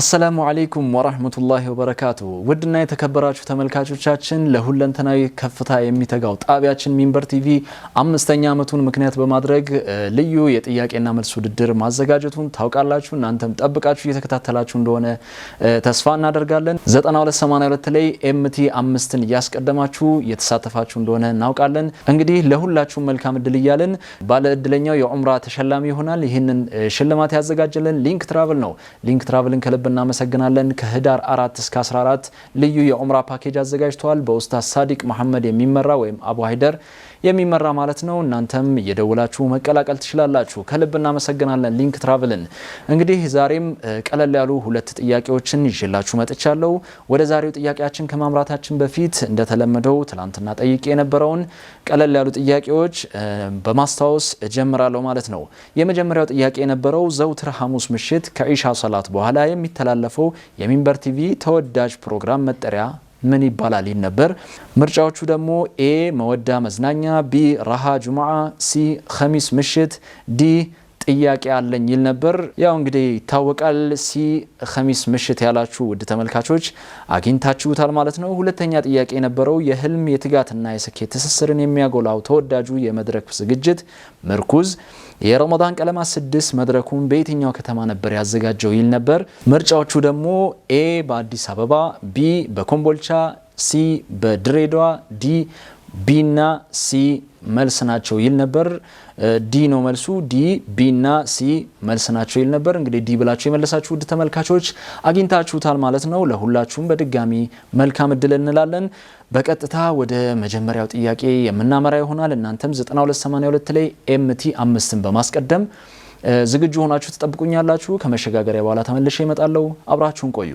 አሰላሙ አለይኩም ወራህመቱላሂ ወበረካቱ። ውድና የተከበራችሁ ተመልካቾቻችን ለሁለንተናዊ ከፍታ የሚተጋው ጣቢያችን ሚንበር ቲቪ አምስተኛ ዓመቱን ምክንያት በማድረግ ልዩ የጥያቄና መልስ ውድድር ማዘጋጀቱን ታውቃላችሁ። እናንተም ጠብቃችሁ እየተከታተላችሁ እንደሆነ ተስፋ እናደርጋለን። 9282 ላይ ኤምቲ አምስትን እያስቀደማችሁ እየተሳተፋችሁ እንደሆነ እናውቃለን። እንግዲህ ለሁላችሁም መልካም እድል እያለን ባለ እድለኛው የዑምራ ተሸላሚ ይሆናል። ይህንን ሽልማት ያዘጋጀልን ሊንክ ትራቭል ነው። ሊንክ ትራቭልን ከልብ እናመሰግናለን። ከህዳር 4 እስከ 14 ልዩ የዑምራ ፓኬጅ አዘጋጅተዋል። በኡስታዝ ሳዲቅ መሐመድ የሚመራ ወይም አቡ ሀይደር የሚመራ ማለት ነው። እናንተም እየደወላችሁ መቀላቀል ትችላላችሁ። ከልብ እናመሰግናለን ሊንክ ትራቭልን። እንግዲህ ዛሬም ቀለል ያሉ ሁለት ጥያቄዎችን ይዤላችሁ መጥቻለሁ። ወደ ዛሬው ጥያቄያችን ከማምራታችን በፊት እንደተለመደው ትላንትና ጠይቄ የነበረውን ቀለል ያሉ ጥያቄዎች በማስታወስ እጀምራለሁ ማለት ነው። የመጀመሪያው ጥያቄ የነበረው ዘውትር ሐሙስ ምሽት ከኢሻ ሰላት በኋላ የሚተላለፈው የሚንበር ቲቪ ተወዳጅ ፕሮግራም መጠሪያ ምን ይባላል? ይል ነበር። ምርጫዎቹ ደግሞ ኤ መወዳ መዝናኛ፣ ቢ ረሃ ጁምዓ ሲ ከሚስ ምሽት፣ ዲ ጥያቄ አለኝ ይል ነበር። ያው እንግዲህ ይታወቃል። ሲ ከሚስ ምሽት ያላችሁ ውድ ተመልካቾች አግኝታችሁታል ማለት ነው። ሁለተኛ ጥያቄ የነበረው የህልም የትጋትና የስኬት ትስስርን የሚያጎላው ተወዳጁ የመድረክ ዝግጅት ምርኩዝ የረመዳን ቀለማት ስድስት መድረኩን በየትኛው ከተማ ነበር ያዘጋጀው ይል ነበር። ምርጫዎቹ ደግሞ ኤ በአዲስ አበባ፣ ቢ በኮምቦልቻ፣ ሲ በድሬዳዋ፣ ዲ ቢና ሲ መልስ ናቸው ይል ነበር። ዲ ነው መልሱ። ዲ ቢና ሲ መልስ ናቸው ይል ነበር። እንግዲህ ዲ ብላችሁ የመለሳችሁ ውድ ተመልካቾች አግኝታችሁታል ማለት ነው። ለሁላችሁም በድጋሚ መልካም እድል እንላለን። በቀጥታ ወደ መጀመሪያው ጥያቄ የምናመራ ይሆናል። እናንተም 9282 ላይ ኤምቲ አምስትን በማስቀደም ዝግጁ ሆናችሁ ትጠብቁኛላችሁ። ከመሸጋገሪያ በኋላ ተመልሼ ይመጣለው አብራችሁን ቆዩ።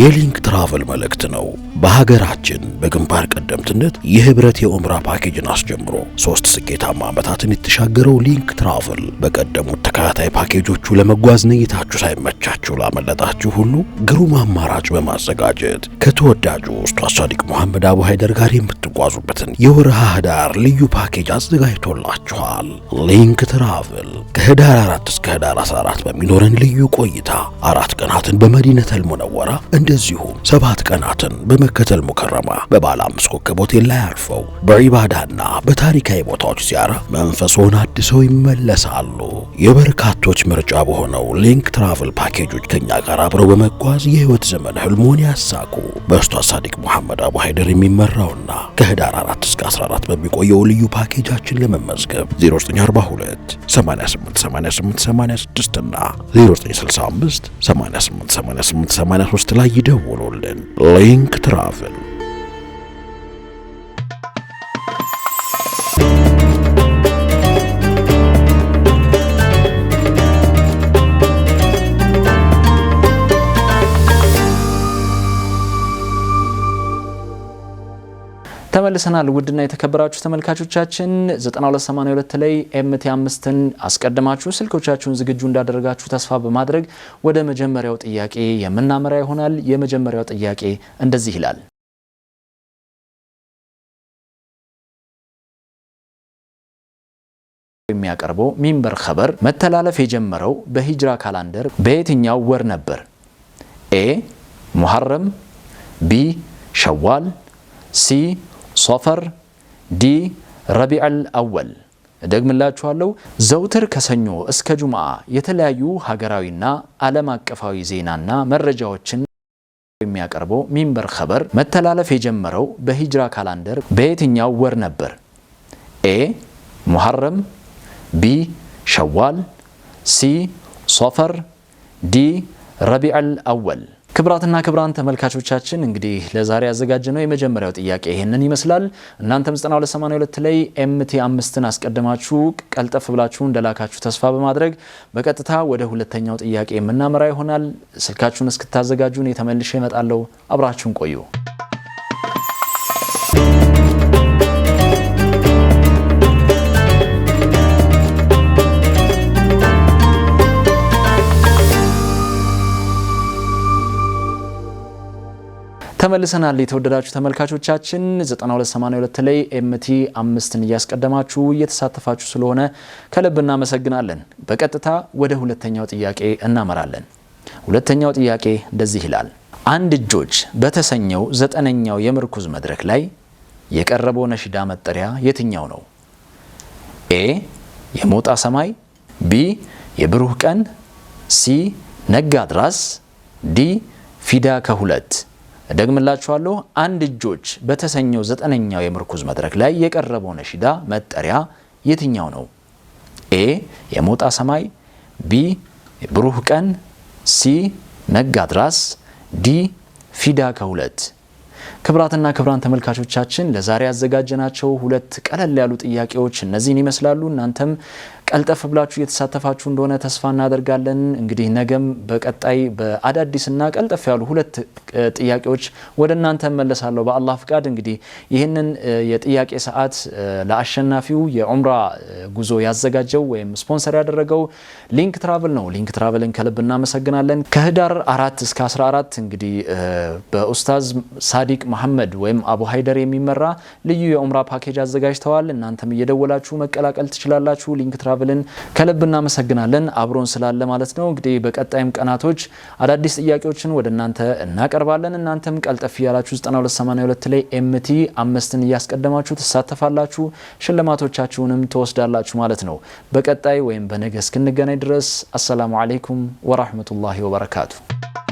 የሊንክ ትራቨል መልእክት ነው። በሀገራችን በግንባር ቀደምትነት የህብረት የኡምራ ፓኬጅን አስጀምሮ ሶስት ስኬታማ ዓመታትን የተሻገረው ሊንክ ትራቨል በቀደሙት ተከታታይ ፓኬጆቹ ለመጓዝ ነይታችሁ ሳይመቻችሁ ላመለጣችሁ ሁሉ ግሩም አማራጭ በማዘጋጀት ከተወዳጁ ኡስታዝ ሳዲቅ መሐመድ አቡ ሀይደር ጋር የምት የምትጓዙበትን የወርሃ ህዳር ልዩ ፓኬጅ አዘጋጅቶላችኋል። ሊንክ ትራቭል ከህዳር 4 እስከ ህዳር 14 በሚኖረን ልዩ ቆይታ አራት ቀናትን በመዲነተል ሙነወራ እንደዚሁም ሰባት ቀናትን በመከተል ሙከረማ በባለ አምስት ኮከብ ሆቴል ላይ አርፈው በዒባዳና በታሪካዊ ቦታዎች ዚያራ መንፈሶን አድሰው ይመለሳሉ። የበርካቶች ምርጫ በሆነው ሊንክ ትራቭል ፓኬጆች ከኛ ጋር አብረው በመጓዝ የህይወት ዘመን ህልሞን ያሳቁ በስቷ ሳዲቅ መሐመድ አቡ ሀይደር የሚመራውና ከህዳር 4 እስከ 14 በሚቆየው ልዩ ፓኬጃችን ለመመዝገብ 0942 888886 እና 0965 888883 ላይ ይደውሉልን። ሊንክ ትራቭል ተመልሰናል ውድና የተከበራችሁ ተመልካቾቻችን 9282 ላይ ኤምቲ አምስትን አስቀድማችሁ ስልኮቻችሁን ዝግጁ እንዳደረጋችሁ ተስፋ በማድረግ ወደ መጀመሪያው ጥያቄ የምናመራ ይሆናል። የመጀመሪያው ጥያቄ እንደዚህ ይላል። የሚያቀርበው ሚንበር ኸበር መተላለፍ የጀመረው በሂጅራ ካላንደር በየትኛው ወር ነበር? ኤ ሙሐረም፣ ቢ ሸዋል፣ ሲ ሶፈር ዲ ረቢዐል አወል ደግምላችኋለሁ። ዘውትር ከሰኞ እስከ ጁምዓ የተለያዩ ሀገራዊና ዓለም አቀፋዊ ዜናና መረጃዎችን የሚያቀርበው ሚንበር ኸበር መተላለፍ የጀመረው በሂጅራ ካላንደር በየትኛው ወር ነበር? ኤ ሙሐረም፣ ቢ ሸዋል፣ ሲ ሶፈር፣ ዲ ረቢዐል አወል ክብራትና ክብራን ተመልካቾቻችን እንግዲህ ለዛሬ ያዘጋጀነው የመጀመሪያው ጥያቄ ይህንን ይመስላል። እናንተም 9282 ላይ ኤምቲ አምስትን አስቀድማችሁ ቀልጠፍ ብላችሁ እንደላካችሁ ተስፋ በማድረግ በቀጥታ ወደ ሁለተኛው ጥያቄ የምናመራ ይሆናል። ስልካችሁን እስክታዘጋጁን የተመልሼ እመጣለሁ። አብራችሁን ቆዩ። ተመልሰናል። የተወደዳችሁ ተመልካቾቻችን 9282 ላይ ኤምቲ አምስትን እያስቀደማችሁ እየተሳተፋችሁ ስለሆነ ከልብ እናመሰግናለን። በቀጥታ ወደ ሁለተኛው ጥያቄ እናመራለን። ሁለተኛው ጥያቄ እንደዚህ ይላል። አንድ እጆች በተሰኘው ዘጠነኛው የምርኩዝ መድረክ ላይ የቀረበው ነሽዳ መጠሪያ የትኛው ነው? ኤ የሞጣ ሰማይ፣ ቢ የብሩህ ቀን፣ ሲ ነጋ ድራስ፣ ዲ ፊዳ ከሁለት ደግምላችኋለሁ። አንድ እጆች በተሰኘው ዘጠነኛው የምርኩዝ መድረክ ላይ የቀረበው ነሺዳ መጠሪያ የትኛው ነው? ኤ የሞጣ ሰማይ፣ ቢ ብሩህ ቀን፣ ሲ ነጋድራስ፣ ዲ ፊዳ ከሁለት። ክብራትና ክብራን ተመልካቾቻችን ለዛሬ ያዘጋጀናቸው ሁለት ቀለል ያሉ ጥያቄዎች እነዚህን ይመስላሉ። እናንተም ቀልጠፍ ብላችሁ እየተሳተፋችሁ እንደሆነ ተስፋ እናደርጋለን። እንግዲህ ነገም በቀጣይ በአዳዲስና ቀልጠፍ ያሉ ሁለት ጥያቄዎች ወደ እናንተ መለሳለሁ በአላህ ፍቃድ። እንግዲህ ይህንን የጥያቄ ሰዓት ለአሸናፊው የዑምራ ጉዞ ያዘጋጀው ወይም ስፖንሰር ያደረገው ሊንክ ትራቭል ነው። ሊንክ ትራቭልን ከልብ እናመሰግናለን። ከህዳር አራት እስከ 14 እንግዲህ በኡስታዝ ሳዲቅ መሐመድ ወይም አቡ ሀይደር የሚመራ ልዩ የዑምራ ፓኬጅ አዘጋጅተዋል። እናንተም እየደወላችሁ መቀላቀል ትችላላችሁ። ሊንክ ብልን ከልብ እናመሰግናለን አብሮን ስላለ ማለት ነው። እንግዲህ በቀጣይም ቀናቶች አዳዲስ ጥያቄዎችን ወደ እናንተ እናቀርባለን። እናንተም ቀልጠፍ እያላችሁ 9282 ላይ ኤምቲ አምስትን እያስቀደማችሁ ትሳተፋላችሁ፣ ሽልማቶቻችሁንም ትወስዳላችሁ ማለት ነው። በቀጣይ ወይም በነገ እስክንገናኝ ድረስ አሰላሙ አለይኩም ወራህመቱላሂ ወበረካቱ።